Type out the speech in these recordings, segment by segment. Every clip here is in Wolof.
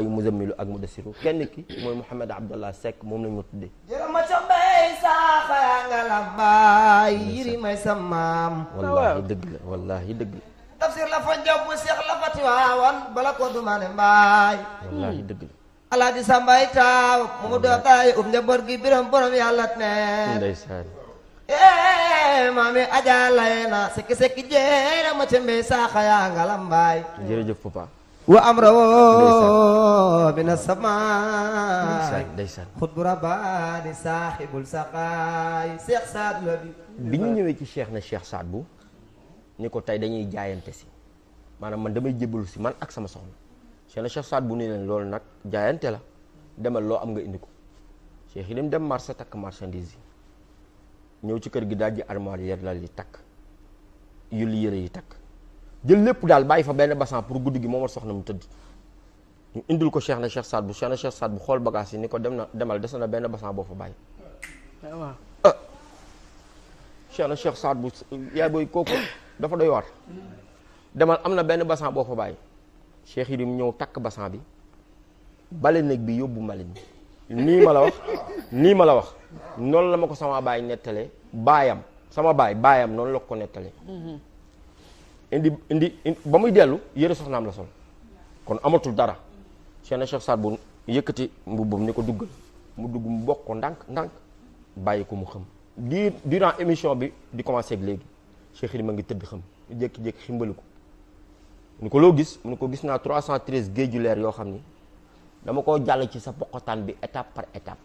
ay muzammilu ak mudassiru kenn ki moy Mouhamed Abdallah sek mom lañu tuddé tuddee. jërëjëf ma ca nga la bay yiri may samam wallahi deug la wallahi deug tafsir la fa jàpp Cheikh la fa wan bala ko mané mbay wallahi deug la. di sambay taw mo do tay um njaboot gi biram borom yàlla nee. ndeysaan. Eh Adja Layena lain. sekki jéera ma ca mbay saaxa yaa nga la mbaay. jërëjëf papa. wa amrawo min as-samaa xut bu rabaani saaxibul saqaay bi ñu ñëwee ci Cheikh na Cheikh Saad bu ni ko tey dañuy jaayante si maanaam man damay jébbalu si man ak sama soxna Cheikh na Cheikh Saad bu ne leen loolu nag jaayante la demal loo am nga indi ko Cheikh yi dem marché takk marchandise yi ñëw ci kër gi daal ji armoire yi lal yi takk yulli yëre yi takk jël lépp daal bàyyi fa benn bassan pour guddi gi moom soxna mu tëdd ñu indil ko Cheikh na Cheikh Saad bu Cheikh na Cheikh Saad bu xool ni ko dem na demal des na benn bassan boo fa bàyyi. Ah, waaw ah. Cheikh bu yaay booy kooku dafa doy war demal am na benn bassan boo fa bàyyi Cheikh Yérim ñëw takk bassan bi bale néeg bi yóbbu mbalit bi nii ma la wax nii ma la wax noonu la ma ko sama baay nettalee baayam sama baay baayam noonu la ko nettalee. Mm-hmm. indi indi ba muy dellu yëre soxnaam la sol kon amatul dara Cheikhna Cheikh Saad bu yëkkati mbubbam ni ko duggal mu dugg mu bokk ko ndànk ndànk bàyyi ko mu xam di durant émission bi di commencé léegi Cheikh Ilim a ngi tëdd xam jékki-jékki ximbali ko ni ko loo gis mu ne ko gis naa 313 géeju leer yoo xam ni dama koo jàll ci sa poqotaan bi étape par étape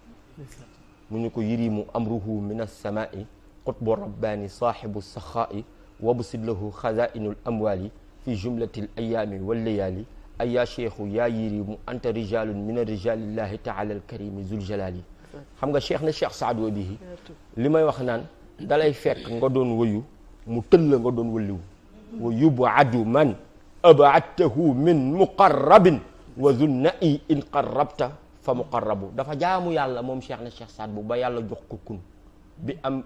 mu ne ko am amruhu min as-samaa'i qutbu rabbaani saaxibu saxaa'i وابسد له خزائن الأموال في جملة الأيام والليالي أي يا شيخ يا يريم أنت رجال من رجال الله تعالى الكريم ذو الجلال خمغا شيخنا شيخ سعد وبه لما يوخنان دالاي فك غدون ويو مو تل غدون وليو ويبو عدو من أبعدته من مقرب وذو النأي إن قربت فمقرب دفا جامو يالا موم شيخنا شيخ سعد بو با يالا جوخ كون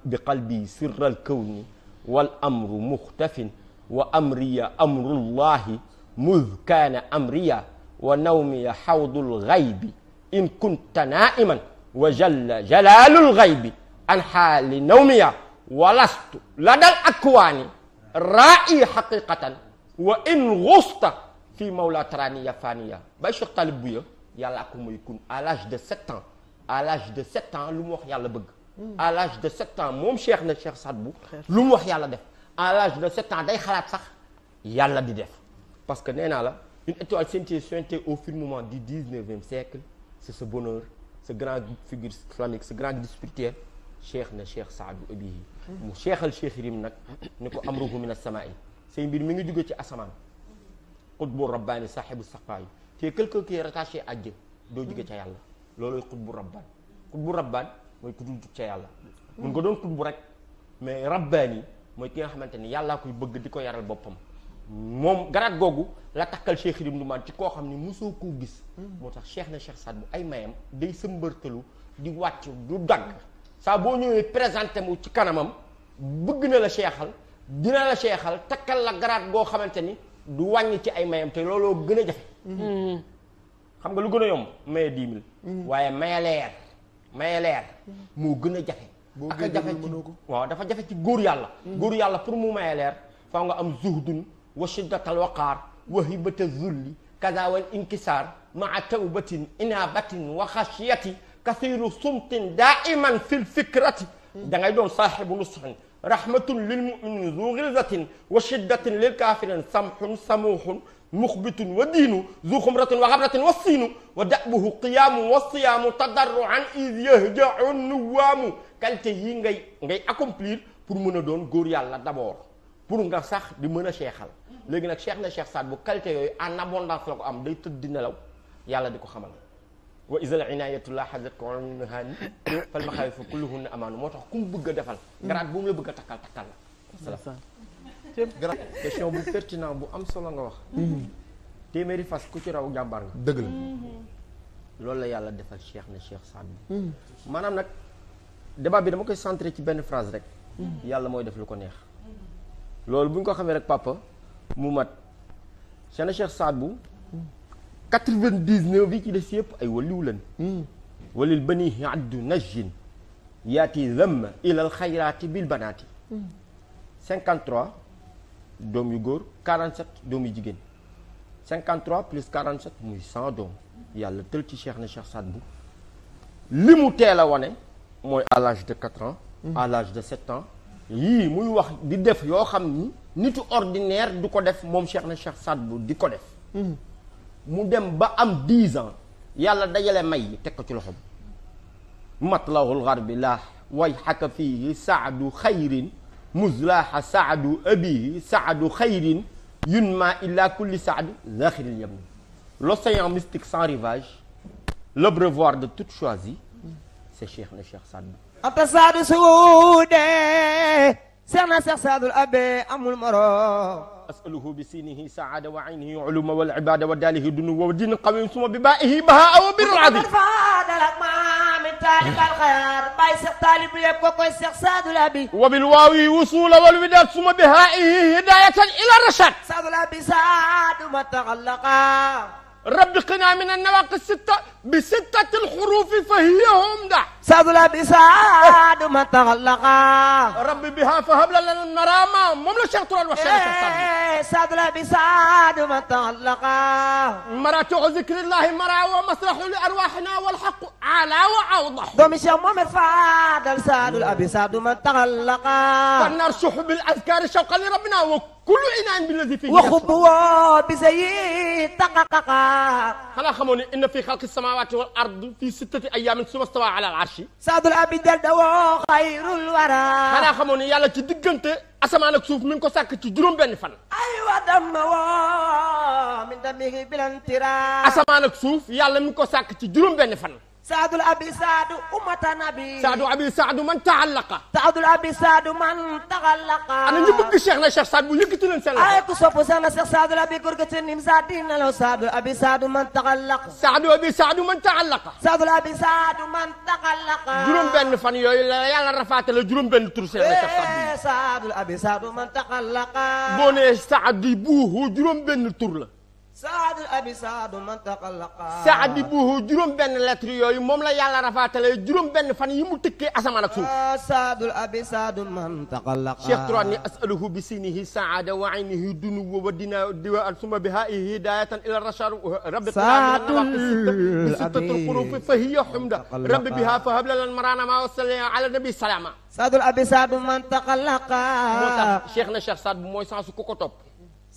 بقلبي سر الكون والأمر مختف وأمري أمر الله مذ كان أمري ونومي حوض الغيب إن كنت نائما وجل جلال الغيب عن حال نومي ولست لدى الأكوان رائي حقيقة وإن غصت في مولا تراني فانيا فانية باي طالب بويا يلا كوم يكون à l'âge de 7 ans à l'âge de 7 ans lu mu wax yàlla à l'âge de 7 ans moom Cheikh na Cheikh Sadbou lu wax yàlla def à l'âge de 7 ans day xalaat sax yàlla di def parce que néna la une étoile scintillante suintée au firmament du 19e siècle c'est ce bonheur ce grand figure islamique ce grand guide spirituel cheikh na cheikh saadu abihi mu cheikhal cheikh rim nak niko amruhu min as-samaa'i sey mbir mi ngi jóge ci asaman qutbu rabbani sahibu saqay te quelque qui est rattaché à Dieu do jóge ci yàlla lolou qutbu rabbaan qutbu rabbaan mooy ku dul jub ca yàlla mun nga doon tudd bu rek mais rabbaani mooy ki nga xamante ni yàllaa koy bëgg di ko yaral boppam moom garaat googu la takkal Cheikh Xadim Ndumaan ci koo xam ne musoo koo gis moo tax Cheikh na Cheikh Saad bu ay mayam day sëmbërtalu di wàcc du dagg saa boo ñëwee présenté mu ci kanamam bëgg na la seexal dina la seexal takkal la garaat goo xamante ni du wàññi ci ay mayam te looloo gën a jafe mm-hmm. xam nga lu gën a yomb maye dix mm-hmm. waaye maye maye leer moo gën a jafe ak jafe ci waaw dafa jafe ci góor yàlla góor yàlla pour mu maye leer faw nga am zuhdun wa shiddatal waqaar wa hibata zulli kaza wal inkisaar maa tawbatin inabatin wa xasiyati kathiru sumtin daiman fi lfikrati da ngay doon saaxibu nusxin rahmatun lilmuminin zu gilzatin wa shiddatin lilkafirin samhun samuhun muxbitun wa diinu zu xumratin wa xabratin wa siinu wa dabuhu qiyaamu wa siyaamu tadarruan iz yahjaun nuwaamu qualité yi ngay ngay accomplir pour mën a doon góor yàlla d'abord pour nga sax di mën a seexal léegi nag seex na seex saat bu qualité yooyu en abondance la ko am day tëdd di nelaw yàlla di ko xamal wa isal inayatu la xasat ko haani fal maxaawifu kulluhunna amaanu moo tax ku mu bëgg a defal garaat bu mu la bëgg a takkal takkal la grand question bu pertinent bu am solo nga wax. téeméeri fas ku ci raw jàmbar nga. dëgg la. Mm-hmm. loolu la yàlla defal Cheikh na Cheikh Saad Bou. Mm-hmm. maanaam nag débat bi dama koy centré ci benn phrase rek. Mm-hmm. yàlla mooy def lu ko neex. loolu bu ñu ko xamee rek papa mu mat Cheikh na Cheikh Saad Bou. quatre-vingt-dix-neuf yi ci des yëpp ay waliw lan. walil bani addu najjin yaati zamm ilal xayraati bil banaati. cinquante-trois. domi gor 47 domi yu 53 plus 47 muy 100 doom yalla teul ci Cheikh na Cheikh Saad Bou li mu teel à l'âge de 4 ans mhm. à l'âge de 7 ans yi muy wax di def yo xamni nitu ordinaire du ko def mom Cheikh na Cheikh Saad Bou di ko def mhm. mu dem ba am 10 ans yalla dajale may tek ko ci loxo bi matlawul garbi way saadu مزلاح سعد أبي سعد خير ينما إلا كل سعد ذاخر اليمن L'océan mystique sans rivage, l'abreuvoir de toute choisie, c'est Cheikh le Cheikh Sadou. أنت سعد سعودي سيرنا سيخ سعد الأبي أم المرو أسأله بسينه سعادة وعينه علوم والعبادة وداله دنو ودين قويم ثم ببائه بهاء وبالرعد فادلك ما taalib alxayaar bàyyi seex taalib yëpp ko koy seex saadul abi wa bil waawi wusula wal widaat suma biha ihi hidayatan ila rashad saadul abi saadu ma taxallaqa rabbi qina min annawaqi sitta بستة الحروف فهي همدة سادلا بساد ما تغلقا ربي بها فهب لنا النرامة شيخ طول الوشيرة إيه سادلا بساد ما تغلقا مراتع ذكر الله مرا ومسرح لأرواحنا والحق على وأوضح دوم شم مرفاد الساد الأبساد ما تغلقا فلنرشح بالأذكار شوقا لربنا وكل إنان بالذي فيه وخبوا بزيد تقققا خلا خموني إن في خلق السماوات samawati wal ard fii sittati ayaamin suma stawa ala al arshi saadul abi dawoo xayrul wara xanaa xamoon ne yàlla ci diggante asamaan ak suuf mi ngi ko sàkk ci juróom benn fan ay wa damma wo min damihi bilan tira asamaan ak suuf yàlla mi ngi ko sàkk ci juróom benn fan سعد الأبي سعد أمة نبي سعد أبي سعد من تعلق سعد الأبي سعد من تغلق أنا نبغي شيخنا شيخ سعد ويكتي لنا سلام أيكو سوبو سنة شيخ سعد الأبي كركتي نم سعدين لو سعد الأبي سعد من تغلق سعد أبي سعد من تعلق سعد الأبي سعد من تغلق جرم بن فن يوي يلا رفعت له جرم بن ترسل شيخ سعد سعد الأبي سعد من تغلق بوني سعد بوه جرم بن ترلا saadu abi saadu man taqallaqa saadi buhu juróom benn lettre yooyu moom la yàlla rafaatale juróom benn fan yi mu tëkkee asamaan ak suuf ah, saadu abi saadu man taqallaqa cheikh turan ni asaluhu bi sinihi saada wa aynihi dunu wa dina diwa suma biha hidayatan ila rashad rabbi sittatul quruf fa hiya humda rabbi biha fa hab lana marana ma wasali ala nabi salama saadu abi saadu man taqallaqa moo tax cheikh na cheikh saad bu mooy sansu ku ko topp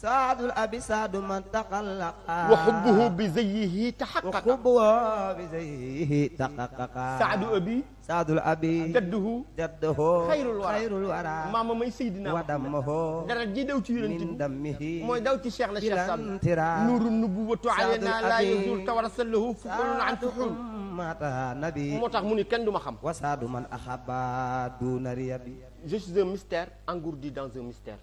saadul abi saadu man taxallaqa wa xubbuhu bi zayyihi taxaqaqa wa xubbuhu bi zayyihi taxaqaqa saadu abi saadul abi jadduhu jadduhu xayrul wara xayrul wara maama may saydina wa dammuhu dara ji daw ci yonent bi dammihi mooy daw ci Cheikh la Cheikh Sall nuuru nubuwwatu alayna la yazul tawarsalahu fukulun an fuxul mata nabi moo tax mu ni kenn du ma xam wa saadu man axaba duna riyabi je suis un mystère engourdi dans un mystère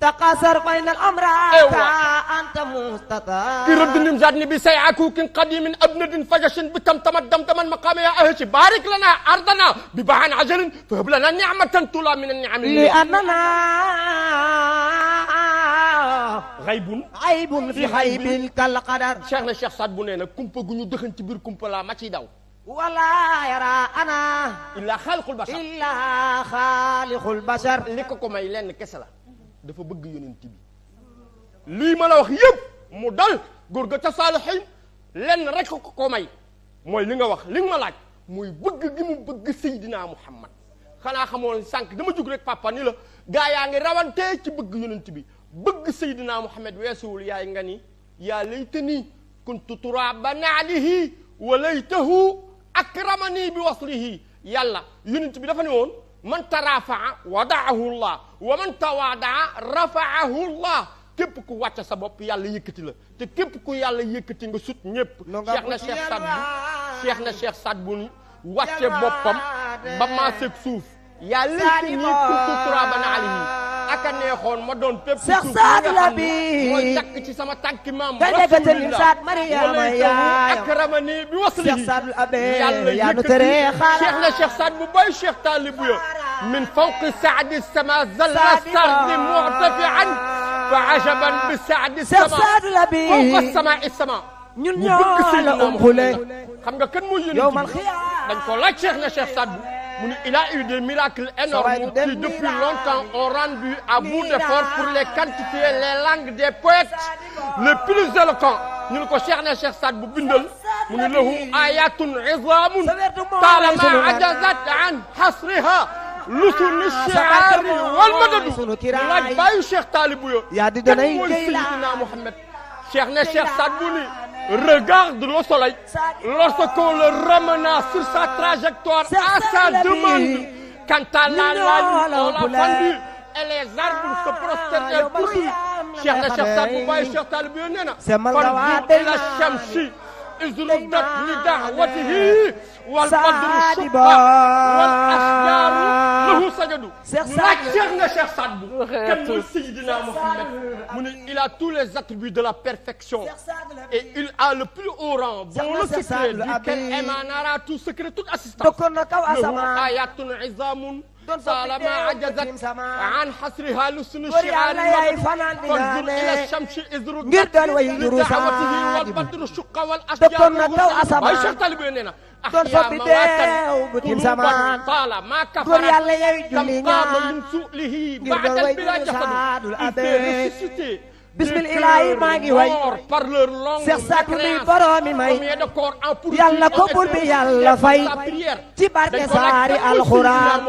تقاصر بين الامر أيوة. أنت مستطاع يرد زادني بسيعك كن قديم من أبند بكم تمدم تمن مقام يا أهشي بارك لنا أرضنا ببعان عجل فهب لنا نعمة تولى من النعم لأننا غيب غيب في غيب كالقدر شيخنا الشيخ سعد بنينا كومبا غنيو دخن تبير كومبا لا ما داو ولا يرى أنا إلا خالق البشر إلا خالق البشر كوماي لين كسلا dafa bëgg yonent lii ma la wax yëpp mu dal góor ga ca saalixiin lenn rek ko ko may mooy li nga wax li nga ma laaj muy bëgg gi mu bëgg Seydina Muhammad xanaa xamoon sànq dama jug rek papa ni la gaa yaa ngi rawantee ci bëgg yonent bi bëgg Seydina Muhammad weesuwul yaay nga ni yaa laytanii kuntu turaaba naalihi wa laytahu akramanii bi waslihi yàlla yonent bi dafa ne woon man taraafa'a wadaahu llah wa man tawaadaa rafaahu llah képp ku wàcc sa bopp yàlla yëkkati la te képp ku yàlla yëkkati nga sut ñëpp cheikh na cheikh sad bu cheikh na cheikh sad bu wàcce boppam ba maaseeg suuf yàlla ci nii kurtu turaaban alayhi aka neexoon ma doon pépp suuf bi nga xam ne mooy takk ci sama maam rasulillah walaytahu akramani bi waslihi na cheikh sad bu bay cheikh taalibu من فوق سعد السماء ظل السهم مرتفعا فعجبا بسعد السماء فوق السماء السماء نيو على ام غلي خم نغا كن مو يوم الخيار دنجو لاج شيخنا شيخ صاد من الى يو دي ميراكل انورم كي دوبي لونتان اون راندو ا بو دي فور بور لي كانتيتي لي لانغ دي بويت لو بلوز الكون نيو كو شيخنا شيخ صاد بو بيندل من له ايات عظام طالما عجزت عن حصرها لسون الشعار والمدد لك بايو شيخ طالب ويو يا دي دوني سيدنا محمد شيخنا شيخ سادبوني Regarde le soleil lorsqu'on le ramena sur sa trajectoire à sa demande. Quant à la lune, on l'a fendue et les arbres se prosternent pour lui. Cheikh Cheikh Sadbou Baye Cheikh Talibu Nena. Fendue et la chamchi. il a tous les attributs de la perfection et il a le plus haut rang dans le secret tout secret طالما عجزت عن حصرها لسن الشعار فانظر إلى الشمس إذ ردت لدعوته والبدر الشقة والأشجار والغصة أي شرطة لبيننا بيننا doon soppi deew bu tim samaan góor yàlla yow julli ñaan ngir doon way dinu bismil ilaahi maa ngi way Seex Saadu mi boroomi may yàlla ko bul bi yàlla fay ci barke saari alxuraan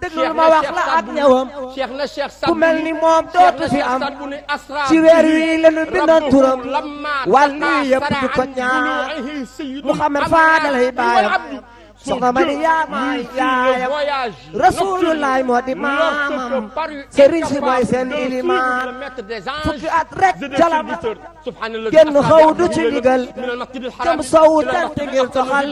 dëglul ma wax la ak ñëwam ku mel ni moom dootu fi am ci weer wi la nu bindoon turam wàllu yëpp di ko ñaan Muhammad faadalay baayam soxna ma di yaa maay yaayam rasuulullaay moo di maamam sëriñ si mooy seen ilimaan fukki at rek jala ma génn xaw du ci digal jëm sowu tant ngir toxal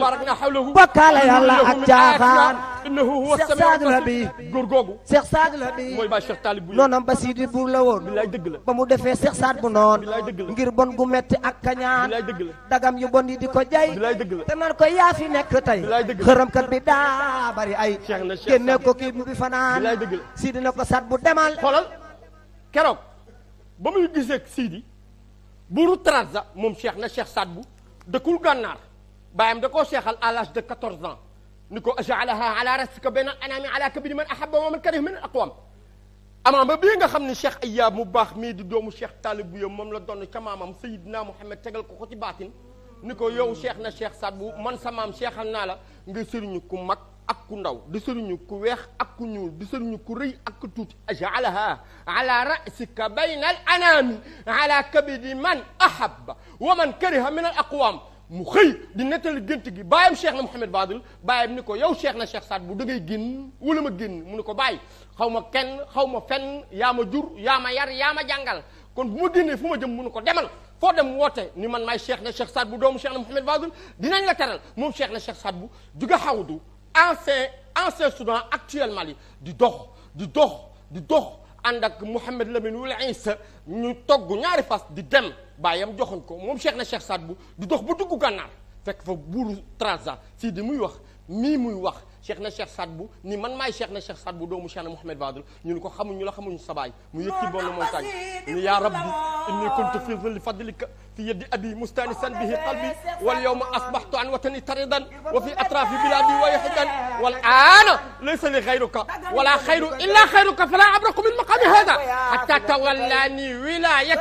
bokkaale yàlla ak jaaxaan innahu huwa samiul basir góor googu Cheikh Saad la bi mooy ba Cheikh Talib bu noonam ba Sidi Buur la woon bilaay dëgg la ba mu defee Cheikh Saad bu noon ngir bon gu metti ak kañaan bilaay la dagam yu bon yi di ko jay bilaay dëgg te nan ko yaa fi nekk tey xërëmkat bi daa bari ay génne ko kii bu bi fanaan bilaay dëgg la Sidi ko Saad bu demal xoolal keroog ba muy gisee Sidi buuru Trarza moom Cheikh na Cheikh Saad bu dëkkul gànnaar bàyyam da koo seexal à l'âge de 14 ans نكو أجعلها على رأسك بين الأنام على كبد من أحب ومن كره من الأقوام أما ما بيغا خمني شيخ أياب مباخ ميد دوم شيخ طالب يوم مم لدون كمامام سيدنا محمد تغل كو باتن نكو يو شيخنا شيخ سابو من سمام شيخ النالا نغي سرنو مك أك كو ناو دي سرنو كو ويخ أك كو ري أك توت أجعلها على رأسك بين الأنام على كبد من أحب ومن كره من الأقوام mu xëy di nettali gént gi bàyyam cheikh na mohammed Badil bàyyam ni ko yow cheikh na cheikh sat bu dangay génn wala ma génn mu ne ko bàyyi xaw ma kenn xaw ma fenn yaa ma jur yaa ma yar yaa ma jàngal kon bu ma génnee fu ma jëm mu ne ko demal foo dem woote ni man may cheikh na cheikh sat bu doomu cheikh na mohammed Badil dinañ la teral moom cheikh na cheikh sat bu juga xawdu ancien ancien Soudan actuel Mali di dox di dox di dox ànd ak Mouhamed Lamine wala Insa ñu togg ñaari fas di dem baayam joxoñ ko moom Cheikh na Cheikh Saad bu du dox ba dugg gànnaar fekk fa buur Trarza sii di muy wax mii muy wax شيخنا شيخ صادبو ني مان ماي شيخنا شيخ صادبو دومو شان محمد بادل ني نكو خامو ني لا خامو ني صباي مو يكي بون مو يا ربي اني كنت في ظل فضلك في يد ابي مستانسا به قلبي واليوم اصبحت عن وطني طردا وفي اطراف بلادي ويحكا والان ليس لي غيرك ولا خير الا خيرك فلا ابرق من مقام هذا حتى تولاني ولايه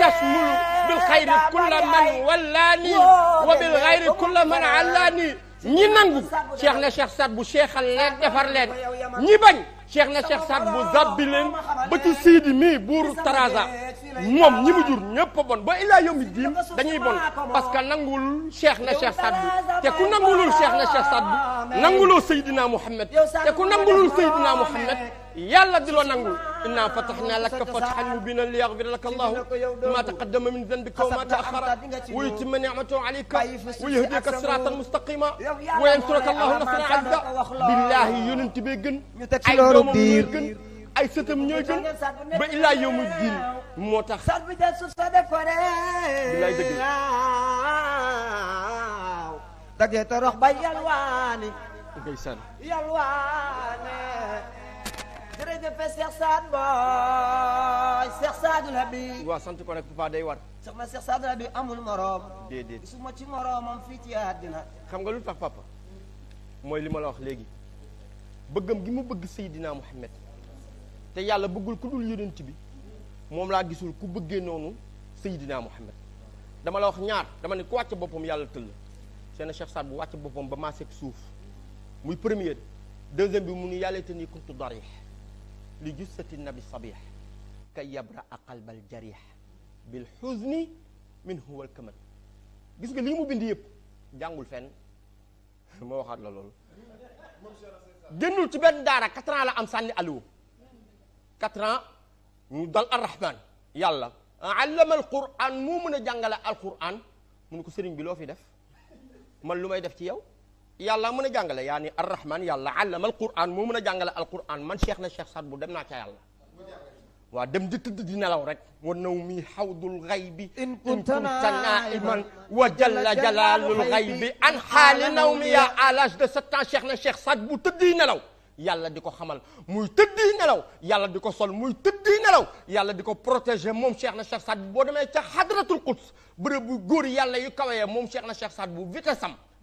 تشمل بالخير كل من ولاني وبالغير كل من علاني ñi nangu cheikh na cheikh Saad bu cheikhal leen ah, defar leen ñi bañ cheikh na cheikh Saad bu zabbi leen ba ci siidi mii buuru Taraza moom ñi mu jur ñëpp a bon ba ilaa yomi diin dañuy bon parce que nangulul cheikh na cheikh Saad bu te ku nangulul cheikh na cheikh Saad bu nanguloo Seydina Muhammad te ku nangulul Seydina Muhammad yàlla di nangu إنا فتحنا لك فتحا مبينا ليغفر لك الله ما تقدم من ذنبك وما تأخر ويتم نعمته عليك ويهديك صراطا مستقيما وينصرك الله نصر عزا بالله يننت بيقن أي دوم بيقن أي ستم نيقن بإلا يوم الدين yow mu diin moo tax sat bi da jërëjëf jëfe Cheikh Saad Boy Cheikh Saadul Habib waaw sant ko nag papa day war sax na Cheikh Saadul Habib amul moroom déedéet gisuma ci moroomam fii ci àddina xam nga lu tax papa mooy li ma la wax léegi bëggam gi mu bëgg Seydina Muhammad te yàlla bëggul ku dul yonent bi moom laa gisul ku bëggee noonu Seydina Muhammad dama la wax ñaar dama ne ku wàcc boppam yàlla tëll seen Cheikh Saad bu wàcc boppam ba maaseeg suuf muy première deuxième bi mu nu yàlla te ni kuntu darix li jussati nabi sabih kay yabra a qalbal jarih bil xuzni min huwal kamal gis nga lii mu bind yëpp jàngul fenn moo waxaat la loolu génnul ci benn daara quatre ans la am sànni aliwu quatre ans mu dal arrahman yàlla allama alquran moo mën a jàngale alquran mu ne ko sëriñ bi loo fi def man lu may def ci yow يلا من جانجلا يعني الرحمن يلا علم القرآن مو من جانجلا القرآن من شيخنا شيخ صاد بودم ناكا يلا ودم جت دينا لورك ونومي حوض الغيب إن كنت نائما وجل جلال الغيب عن حال نومي يا علاش ده ستان شيخنا شيخ صاد بودم لو يلا ديكو خمل موي تدينا لو يلا ديكو سول موي تدينا لو يلا ديكو بروتيجي موم شيخنا شيخ صاد بودم حضرة القدس بربو غور يلا يكوي موم شيخنا شيخ صاد بو فيتسام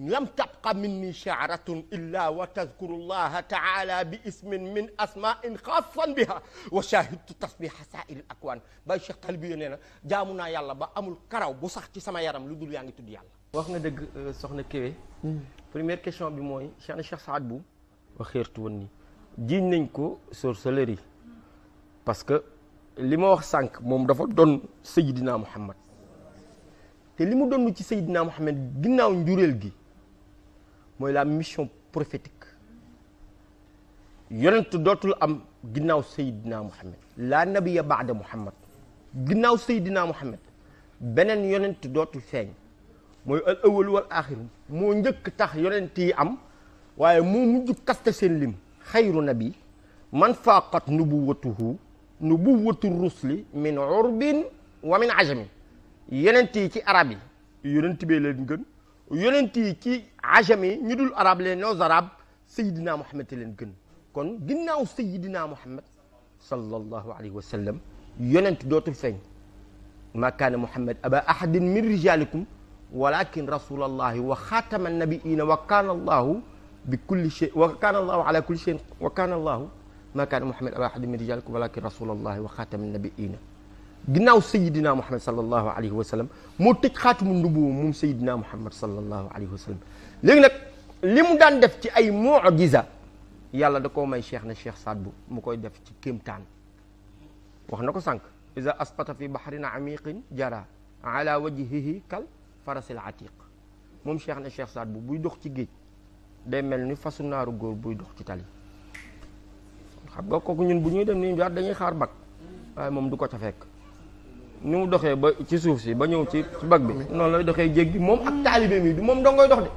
لم تبق مني شعرة إلا وتذكر الله تعالى باسم من أسماء خاصا بها وشاهدت تصبيح سائر الأكوان باي شيخ قلبي نينا جامونا يالا با أمول كراو بصح تي سما يارم لودول ياغي تودي يالا واخنا دغ سخنا كيوي بريمير كيسيون بي موي شيخنا شيخ سعد بو جين نينكو سور سولري باسكو لي ما واخ موم دافا دون سيدنا محمد تي لي مو سيدنا محمد غيناو نديرل جي moy la mission prophétique yonent dotul am ginnaw sayyidina Muhammad la nabiya baada Muhammad ginnaw sayyidina Muhammad benen yonent dotul feñ moy al awwal wal akhir mo ñeuk tax yonent yi am waye mo muju kaste sen lim khayru nabi man faqat nubuwatuhu nubuwatu rusli min urbin wa min ajamin yonent yi ci arab yi yonent bee leen gën yonent yi ci عجمي نيدول عرب لي نو زرب سيدنا محمد لين كن كون گيناو سيدنا محمد صلى الله عليه وسلم يوننت دوتو فين ما كان محمد ابا احد من رجالكم ولكن رسول الله وخاتم النبيين وكان الله بكل شيء وكان الله على كل شيء وكان الله ما كان محمد ابا احد من رجالكم ولكن رسول الله وخاتم النبيين غناو سيدنا محمد صلى الله عليه وسلم موتك خاتم النبوه موم سيدنا محمد صلى الله عليه وسلم léegi nag li mu daan def ci ay mu'jiza yàlla da koo may cheikh na cheikh Saad Bou mu koy def ci kéemtaan wax na ko sànq iza asqata fi bahrin amiqin jara ala wajhihi kal farasil atiq moom cheikh na cheikh Saad Bou buy dox ci géej day mel ni fasu naaru góor buy dox ci tali xam nga kooku ñun bu ñuy dem nii jaar dañuy xaar bag waaye moom du ko ca fekk ni mu doxee ba ci suuf si ba ñëw ci bag bi noonu lay doxee jéggi moom ak taalibe mi du moom dongoy dox de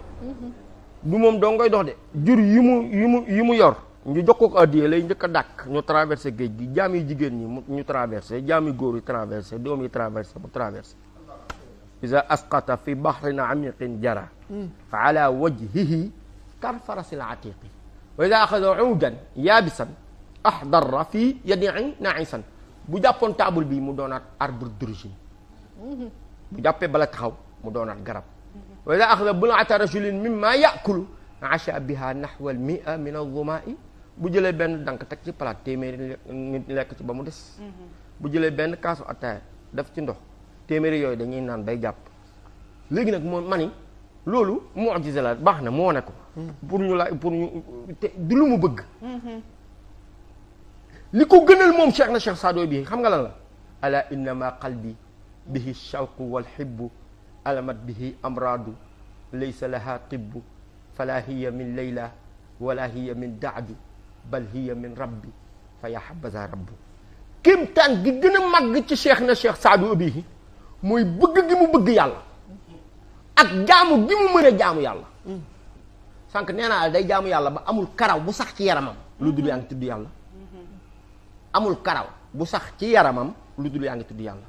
du moom doo ngoy dox de jur yi mu yi mu yi mu yor ñu jox ko addiyee lay njëkk a ñu traversé géej gi jaam yi jigéen ñi ñu traversé jaam yi góor yi traversé doom yi traversé mu traversé isa asqata fi bahrin amiqin jara fa ala wajhihi kar farasil atiqi wa ida axada uudan yaabisan ahdara fii yadii naisan bu jàppoon table bi mu doonat arbre d'origine bu jàppee bala taxaw mu doonaat garab وإذا أخذ بلعة رجل مما يأكل عشاء بها نحو المئة من الظماء بجل بين دانك تكسي بلا تيمير نلاك بمدس بجل بين كاس أتا دفت ندخ تيمير يوي دنيا نان باي جاب لغن ماني لولو معجزة لا بحنا مونكو pour ñu la pour ñu du lu mu bëgg liko gënal mom cheikh na cheikh sadio bi xam nga lan la ala inna ma qalbi bihi shawqu wal hubbu alamat bihi amraadu laysa laha tibbu fala hiya min layla wala hiya min daadu bal hiya min rabbi fa ya habaza rabbu kéemtaan gi gën a màgg ci cheikh na cheikh saadu abihi mooy bëgg gi mu bëgg yàlla ak jaamu gi mu mën a jaamu yàlla sànq nee naa day jaamu yàlla ba amul karaw bu sax ci yaramam lu dul yaa ngi tudd yàlla amul karaw bu sax ci yaramam lu dul yaa ngi tudd yàlla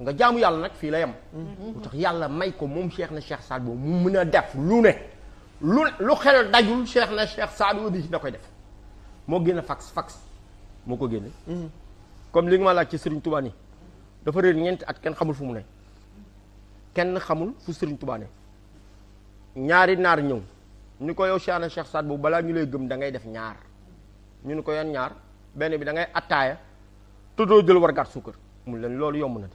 nga jaamu yalla nak fi la yam mhm. tax yalla may ko mom cheikh na cheikh saad mu meuna def lu ne lu xel dajul cheikh na cheikh saad boobu nakoy def mo gene fax fax moo ko génne mhm. comme li nga la ci Serigne Touba ni dafa réer ñent at ken xamul fu mu ne ken xamul fu Serigne Touba ne ñaari nar ñew ni ko yow cheikh na cheikh saad bala ñu lay gëm da ngay def ñaar ñu ni ko yan ñaar benn bi da ngay attaaya tuddoo jël war gar suukar mu len lolu yomuna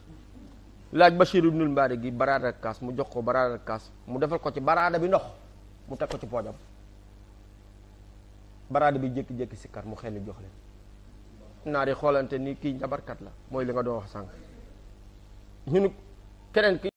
laaj Bachir ibnul Mbaari gi baraada ak kaas mu jox ko baraada kaas mu defal ko ci baraada bi ndox mu teg ko ci poojam baraada bi jékki-jékki si kar mu xel jox leen naar yi xoolante ni kii njabarkat la mooy li nga doon wax sànq ñu keneen ki